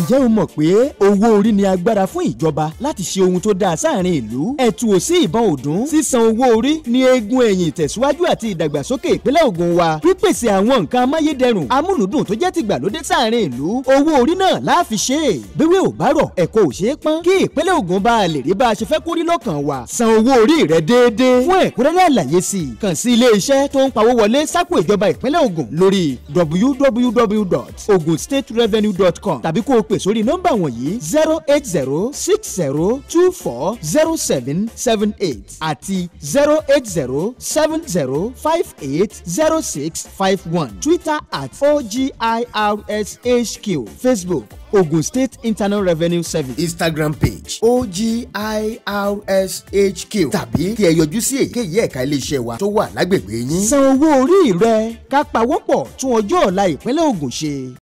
ǹjẹ́ o mọ̀ pé owó orí ni agbára fún ìjọba láti ṣe ohun tó dáa sáàrin ìlú ẹ̀tù ò sí ìbọn òdún sísan owó orí ni eegun ẹ̀yìn ìtẹ̀síwájú àti ìdàgbàsókè ìpínlẹ̀ Ògùn wa pípèsè àwọn nǹkan amáyédẹrùn amúlùdùn tó jẹ́ tìgbàlódé sáàrin ìlú owó orí náà la ṣe é bíwé ò bá rọ̀ ẹ̀kọ́ ò ṣeé pọ́n kí ìpínlẹ̀ Ògùn bá lè rí bá a ṣe fẹ́ kó lọ́kàn wa san owó pè sórí nọ́mbà wọ̀nyí zero eight zero six zero two four zero seven seven eight àti zero eight zero seven zero five eight zero six five one twitter at ogirshq facebook Ogun State Internal Revenue Service Instagram page OGIRSHQ tàbí kí ẹ yọjú sí èyíkéyìí ẹ̀ka iléeṣẹ́ wa tó wà lágbègbè yín. San owó orí rẹ ká pawọ́pọ̀ tún ọjọ́ ọ̀la ìpínlẹ̀ Ògùn ṣe.